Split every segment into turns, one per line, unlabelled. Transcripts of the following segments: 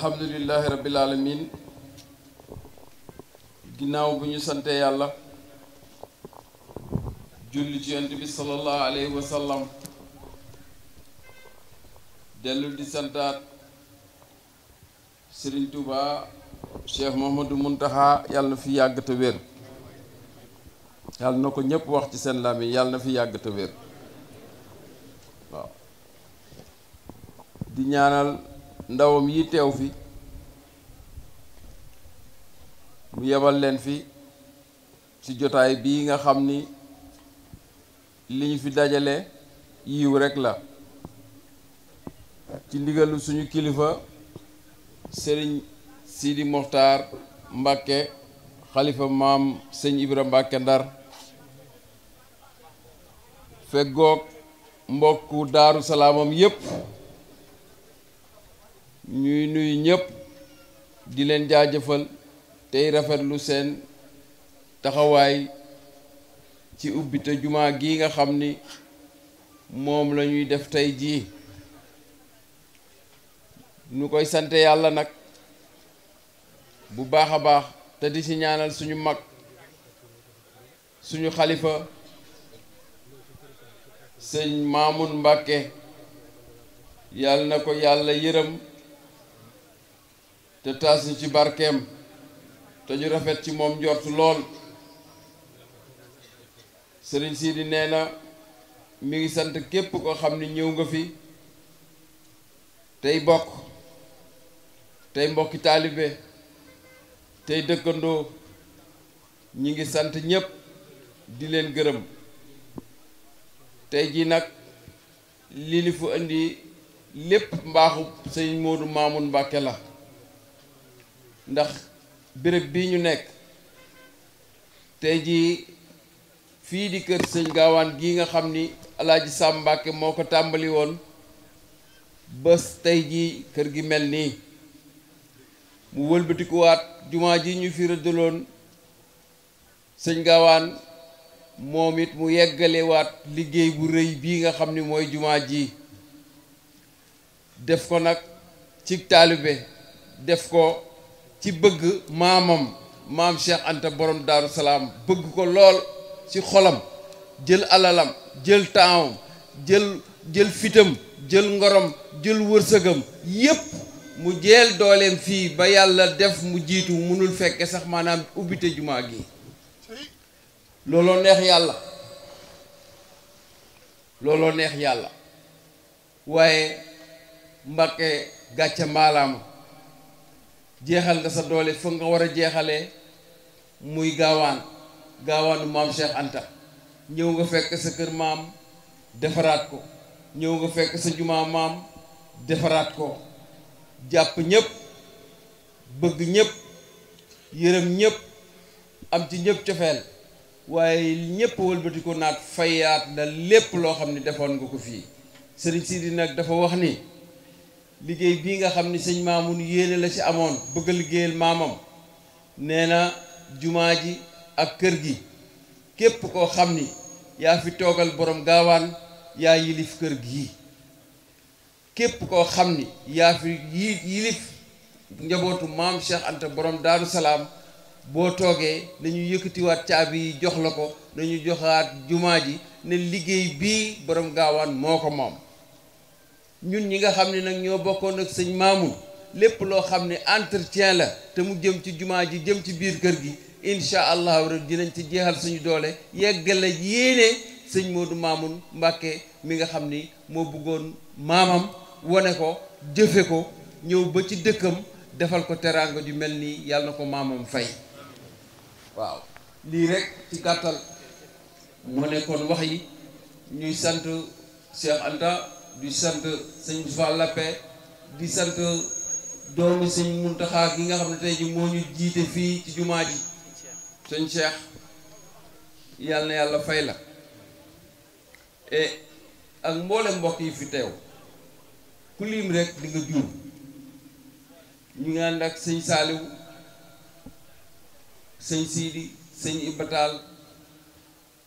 alhamdulillahi rabbil alamin ginnaaw bu ñu santee yàlla julli ci yonent bi sallallahu alayhi wa sallam di santaat Serigne Touba Cheikh Mouhamadou Mountakha yàlla na fi yàgg te wér yàlla na ko ñëpp wax ci seen làmmiñ yàlla na fi yàgg te wér di ñaanal ndawam yi teew fi mu yebal leen fi ci jotaay bii nga xam ni li ñu fi dajale yiw rekk la ci ndigalu suñu kilifa sëriñ Sidi Moxtaar Mbàkke xalifa maam sëñ Ibra Mbàkke Ndar feggoog mbokku daaru salaamam yépp ñuy nuyu ñépp di leen jaajëfal tey lu seen taxawaay ci ubbite jumaa gi nga xam ni moom lañuy def tey jii ñu koy sante yàlla nag bu baax a baax te di si ñaanal suñu mag suñu xalifa sëñ Maamun Mbàkke yàlla na ko yàlla yërëm te taas ñu ci barkeem te rafet ci moom njort lool sëriñ di nee na mi ngi sant képp ko xam ni ñëw nga fi tey bokk tey mbokki taalibe tey dëkkandoo ñi ngi sant ñépp di leen gërëm tey ji nag li li fu indi lépp mbaaxu sëñ Moodu Maamun Mbàkke la ndax béréb bi ñu nekk tey jii fii di kër sëñ gaawaan gi nga xam ni alaaji Sam moo ko tàmbali woon bés tey jii kër gi mel nii mu wëlbatikuwaat jumaa ji ñu fi rëddaloon sëñ gaawaan moom it mu yeggalewaat liggéey bu rëy bii nga xam ni mooy jumaa ji def ko nag ci taalibe def ko ci bëgg maamam maam Cheikh Anta borom Daaru Salaam bëgg ko lool ci xolam jël alalam jël taawam jël jël fitam jël ngorom jël wërsëgam yépp mu jeel dooleem fii ba yàlla def mu jiitu mënul fekke sax maanaam ubbite jumaa gi looloo neex yàlla looloo neex yàlla waaye Mbàkke gàcce maalaama jeexal nga sa doole fa nga war a jeexale muy gaawaan gaawaanu maam Cheikh Anta ñëw nga fekk sa kër maam defaraat ko ñëw nga fekk sa jumaa maam defaraat ko jàpp ñëpp bëgg ñëpp yërëm ñëpp am ci ñëpp cofeel waaye ñëpp wëlbati ko naat fayaat la lépp loo xam ne defoon nga ko fii sëriñ Sidi nag dafa wax ni liggéey bii nga xam ni sëñ Mamoun yéene la ci amoon bëgg a liggéeyal maamam nee na jumaa ji ak kër gi képp koo xam ni yaa fi toogal borom gaawaan yaa yilif kër gi képp koo xam ni yaa fi yilif njabootu maam Cheikh Anta boroom Daaru Salaam boo toogee nañu yëkkatiwaat caabi yi jox la ko nañu joxaat jumaa ji ne liggéey bii boroom gaawaan moo ko moom ñun ñi nga xam ne nag ñoo bokkoon ak sëñ Mamoun lépp loo xam ne entretien la te mu jëm ci jumaa ji jëm ci biir kër gi incha allahu rek dinañ ci jeexal suñu doole yeggale yéene sëñ Modou Mamoun Mbacke mi nga xam ni moo bëggoon maamam wane ko jëfe ko ñëw ba ci dëkkam defal ko teraanga ju mel nii yàlla na ko maamam fay waaw lii rek ci gàttal mu nekkoon wax yi ñuy sant Cheikh Anta di sant sëñ Fall Lappé di sant doomi sëñ Muntaxa gi nga xam ne tey ji moo ñu jiite fii ci jumaa ji sëñ seex yàlla yàlla fay la e, ak mboolem mbokk yi fi teew ku liim rek di nga ñu ngi ànd ak sëñ Saaliw sëñ Siidi sëñ Ibataal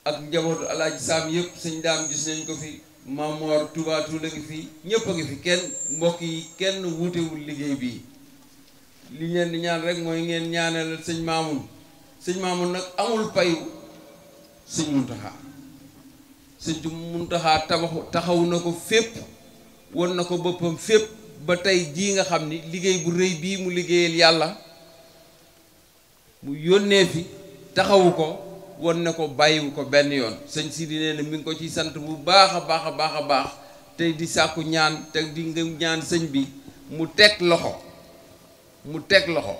ak njabootu alaaji Saam yëpp sëñ Daam gis nañ ko fi Mamor Touba Touré ngi fi ñëpp a ngi fi kenn mbokk yi kenn wuutewul liggéey bi li ngeen di ñaan rek mooy ngeen ñaanal sëñ Maamun sëñ Maamun nag amul payu sëñ Muntaxa sëñ Muntaxa tabaxu taxawu na ko fépp won na ko boppam fépp ba tey jii nga xam ni liggéey bu rëy bii mu liggéeyal yàlla mu yónnee fi taxawu ko won ne ko bàyyiwu ko benn yoon sëñ Sidi nee na mi ngi ko ciy sant bu baax a baax a baax a baax te di sàkku ñaan te di nga ñaan sëñ bi mu teg loxo mu teg loxo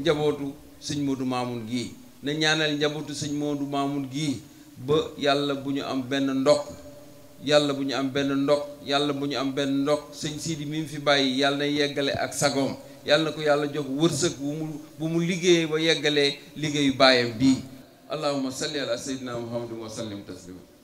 njabootu sëñ Modou Mamoun gii na ñaanal njabootu sëñ Modou Mamoun gii ba yàlla bu ñu am benn ndokk yàlla bu ñu am benn ndokk yàlla bu ñu am benn ndokk sëñ Sidi mi mu fi bàyyi yàlla na yeggale ak sagoom yàlla na ko yàlla jox wërsëg bu mu bu mu liggéey ba yeggalee liggéeyu baayam bii allahumma salli ala sayyidina muhammadin wa sallim taslima